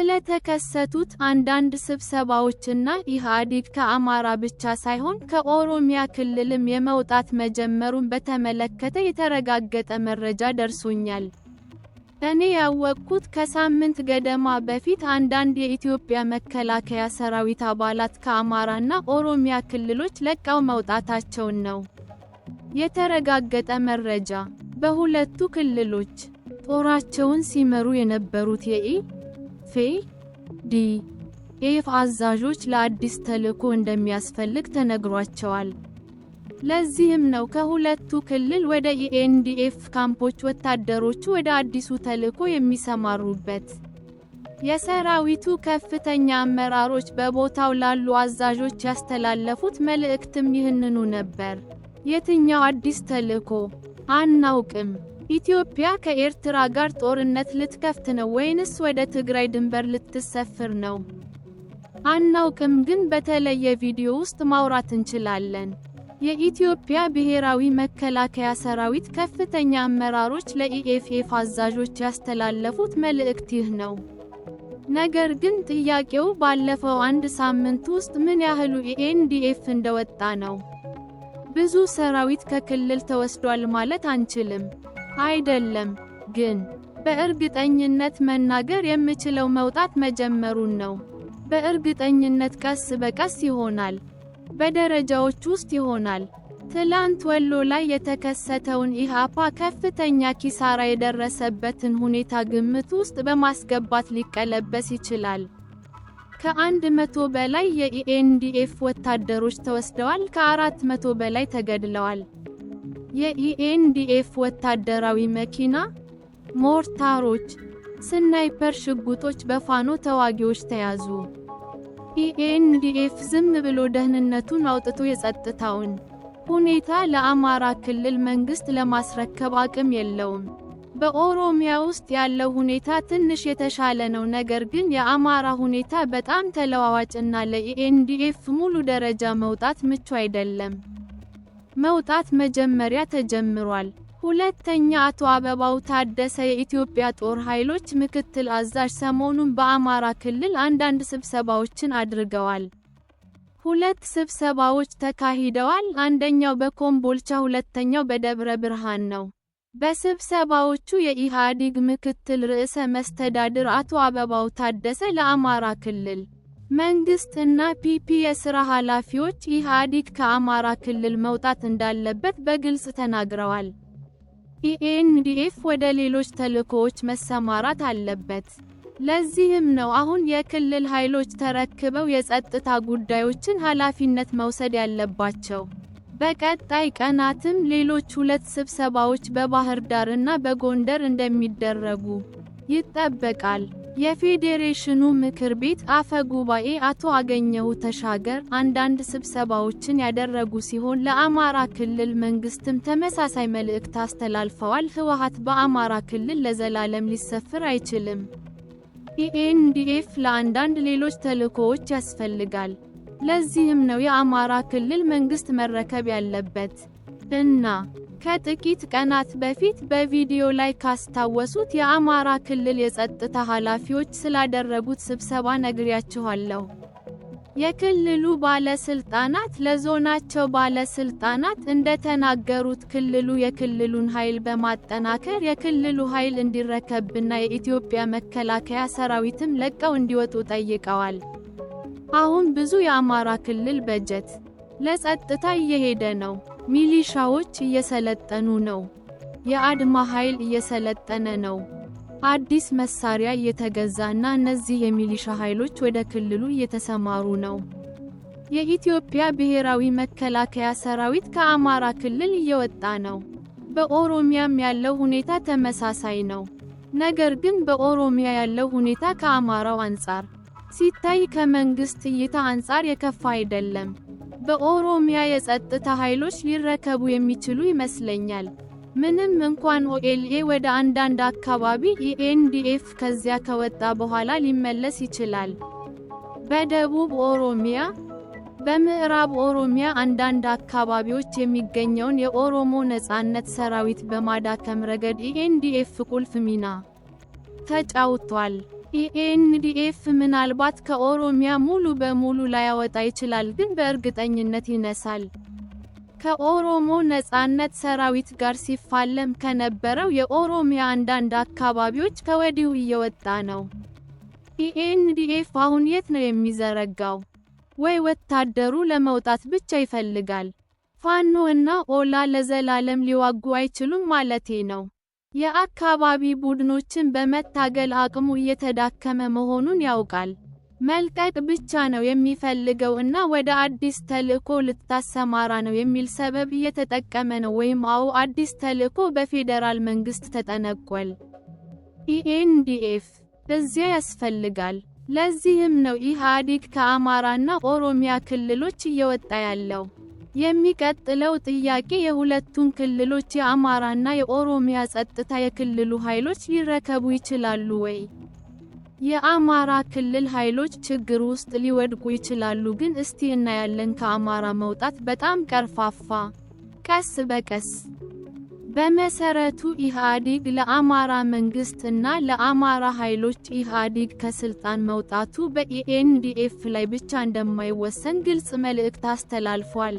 ስለተከሰቱት አንዳንድ ስብሰባዎችና ኢህአዴግ ከአማራ ብቻ ሳይሆን ከኦሮሚያ ክልልም የመውጣት መጀመሩን በተመለከተ የተረጋገጠ መረጃ ደርሶኛል። እኔ ያወቅኩት ከሳምንት ገደማ በፊት አንዳንድ የኢትዮጵያ መከላከያ ሰራዊት አባላት ከአማራና ኦሮሚያ ክልሎች ለቀው መውጣታቸውን ነው። የተረጋገጠ መረጃ በሁለቱ ክልሎች ጦራቸውን ሲመሩ የነበሩት የኢ ኤፍ አዛዦች ለአዲስ ተልዕኮ እንደሚያስፈልግ ተነግሯቸዋል። ለዚህም ነው ከሁለቱ ክልል ወደ የኤንዲኤፍ ካምፖች ወታደሮቹ ወደ አዲሱ ተልዕኮ የሚሰማሩበት። የሰራዊቱ ከፍተኛ አመራሮች በቦታው ላሉ አዛዦች ያስተላለፉት መልእክትም ይህንኑ ነበር። የትኛው አዲስ ተልዕኮ? አናውቅም። ኢትዮጵያ ከኤርትራ ጋር ጦርነት ልትከፍት ነው ወይንስ ወደ ትግራይ ድንበር ልትሰፍር ነው? አናውቅም፣ ግን በተለየ ቪዲዮ ውስጥ ማውራት እንችላለን። የኢትዮጵያ ብሔራዊ መከላከያ ሰራዊት ከፍተኛ አመራሮች ለኢኤፍኤፍ አዛዦች ያስተላለፉት መልእክት ይህ ነው። ነገር ግን ጥያቄው ባለፈው አንድ ሳምንት ውስጥ ምን ያህሉ ኤንዲ.ኤፍ እንደወጣ ነው። ብዙ ሰራዊት ከክልል ተወስዷል ማለት አንችልም። አይደለም፣ ግን በእርግጠኝነት መናገር የምችለው መውጣት መጀመሩን ነው። በእርግጠኝነት ቀስ በቀስ ይሆናል፣ በደረጃዎች ውስጥ ይሆናል። ትላንት ወሎ ላይ የተከሰተውን ኢህአፓ ከፍተኛ ኪሳራ የደረሰበትን ሁኔታ ግምት ውስጥ በማስገባት ሊቀለበስ ይችላል። ከአንድ መቶ በላይ የኢኤንዲኤፍ ወታደሮች ተወስደዋል፣ ከአራት መቶ በላይ ተገድለዋል። የኢኤንዲኤፍ ወታደራዊ መኪና፣ ሞርታሮች፣ ስናይፐር ሽጉጦች በፋኖ ተዋጊዎች ተያዙ። ኢኤንዲኤፍ ዝም ብሎ ደህንነቱን አውጥቶ የጸጥታውን ሁኔታ ለአማራ ክልል መንግስት ለማስረከብ አቅም የለውም። በኦሮሚያ ውስጥ ያለው ሁኔታ ትንሽ የተሻለ ነው። ነገር ግን የአማራ ሁኔታ በጣም ተለዋዋጭና ለኢኤንዲኤፍ ሙሉ ደረጃ መውጣት ምቹ አይደለም። መውጣት መጀመሪያ ተጀምሯል። ሁለተኛ አቶ አበባው ታደሰ የኢትዮጵያ ጦር ኃይሎች ምክትል አዛዥ ሰሞኑን በአማራ ክልል አንዳንድ ስብሰባዎችን አድርገዋል። ሁለት ስብሰባዎች ተካሂደዋል። አንደኛው በኮምቦልቻ፣ ሁለተኛው በደብረ ብርሃን ነው። በስብሰባዎቹ የኢህአዴግ ምክትል ርዕሰ መስተዳድር አቶ አበባው ታደሰ ለአማራ ክልል መንግስት እና ፒፒ የስራ ኃላፊዎች ኢህአዴግ ከአማራ ክልል መውጣት እንዳለበት በግልጽ ተናግረዋል። ኢኤንዲኤፍ ወደ ሌሎች ተልዕኮዎች መሰማራት አለበት። ለዚህም ነው አሁን የክልል ኃይሎች ተረክበው የጸጥታ ጉዳዮችን ኃላፊነት መውሰድ ያለባቸው። በቀጣይ ቀናትም ሌሎች ሁለት ስብሰባዎች በባህር ዳር እና በጎንደር እንደሚደረጉ ይጠበቃል። የፌዴሬሽኑ ምክር ቤት አፈ ጉባኤ አቶ አገኘሁ ተሻገር አንዳንድ ስብሰባዎችን ያደረጉ ሲሆን ለአማራ ክልል መንግስትም ተመሳሳይ መልእክት አስተላልፈዋል። ህወሓት በአማራ ክልል ለዘላለም ሊሰፍር አይችልም። ኢኤንዲኤፍ ለአንዳንድ ሌሎች ተልዕኮዎች ያስፈልጋል። ለዚህም ነው የአማራ ክልል መንግስት መረከብ ያለበት እና ከጥቂት ቀናት በፊት በቪዲዮ ላይ ካስታወሱት የአማራ ክልል የጸጥታ ኃላፊዎች ስላደረጉት ስብሰባ ነግሬያችኋለሁ። የክልሉ ባለስልጣናት ለዞናቸው ባለስልጣናት እንደተናገሩት ክልሉ የክልሉን ኃይል በማጠናከር የክልሉ ኃይል እንዲረከብና የኢትዮጵያ መከላከያ ሰራዊትም ለቀው እንዲወጡ ጠይቀዋል። አሁን ብዙ የአማራ ክልል በጀት ለጸጥታ እየሄደ ነው። ሚሊሻዎች እየሰለጠኑ ነው። የአድማ ኃይል እየሰለጠነ ነው። አዲስ መሳሪያ እየተገዛና እነዚህ የሚሊሻ ኃይሎች ወደ ክልሉ እየተሰማሩ ነው። የኢትዮጵያ ብሔራዊ መከላከያ ሰራዊት ከአማራ ክልል እየወጣ ነው። በኦሮሚያም ያለው ሁኔታ ተመሳሳይ ነው። ነገር ግን በኦሮሚያ ያለው ሁኔታ ከአማራው አንጻር ሲታይ ከመንግስት እይታ አንጻር የከፋ አይደለም። በኦሮሚያ የጸጥታ ኃይሎች ሊረከቡ የሚችሉ ይመስለኛል። ምንም እንኳን ኦኤልኤ ወደ አንዳንድ አካባቢ ኢኤንዲኤፍ ከዚያ ከወጣ በኋላ ሊመለስ ይችላል። በደቡብ ኦሮሚያ፣ በምዕራብ ኦሮሚያ አንዳንድ አካባቢዎች የሚገኘውን የኦሮሞ ነጻነት ሰራዊት በማዳከም ረገድ ኢኤንዲኤፍ ቁልፍ ሚና ተጫውቷል። ኢኤንዲኤፍ ምናልባት ከኦሮሚያ ሙሉ በሙሉ ላያወጣ ይችላል፣ ግን በእርግጠኝነት ይነሳል። ከኦሮሞ ነጻነት ሰራዊት ጋር ሲፋለም ከነበረው የኦሮሚያ አንዳንድ አካባቢዎች ከወዲሁ እየወጣ ነው። ኢኤንዲኤፍ አሁን የት ነው የሚዘረጋው? ወይ ወታደሩ ለመውጣት ብቻ ይፈልጋል? ፋኖ እና ኦላ ለዘላለም ሊዋጉ አይችሉም ማለቴ ነው። የአካባቢ ቡድኖችን በመታገል አቅሙ እየተዳከመ መሆኑን ያውቃል። መልቀቅ ብቻ ነው የሚፈልገው እና ወደ አዲስ ተልዕኮ ልታሰማራ ነው የሚል ሰበብ እየተጠቀመ ነው ወይም አዎ አዲስ ተልዕኮ በፌዴራል መንግስት ተጠነቆል። ኢኤንዲኤፍ እዚያ ያስፈልጋል። ለዚህም ነው ኢህአዴግ ከአማራና ኦሮሚያ ክልሎች እየወጣ ያለው። የሚቀጥለው ጥያቄ የሁለቱን ክልሎች የአማራና የኦሮሚያ ጸጥታ የክልሉ ኃይሎች ሊረከቡ ይችላሉ ወይ? የአማራ ክልል ኃይሎች ችግር ውስጥ ሊወድቁ ይችላሉ ግን እስቲ እናያለን። ከአማራ መውጣት በጣም ቀርፋፋ፣ ቀስ በቀስ በመሰረቱ ኢህአዲግ ለአማራ መንግስት እና ለአማራ ኃይሎች ኢህአዲግ ከስልጣን መውጣቱ በኢኤንዲኤፍ ላይ ብቻ እንደማይወሰን ግልጽ መልእክት አስተላልፏል።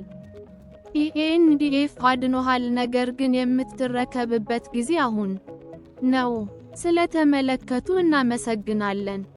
ኢኤንዲኤፍ አድኖሃል፣ ነገር ግን የምትረከብበት ጊዜ አሁን ነው። ስለተመለከቱ እናመሰግናለን።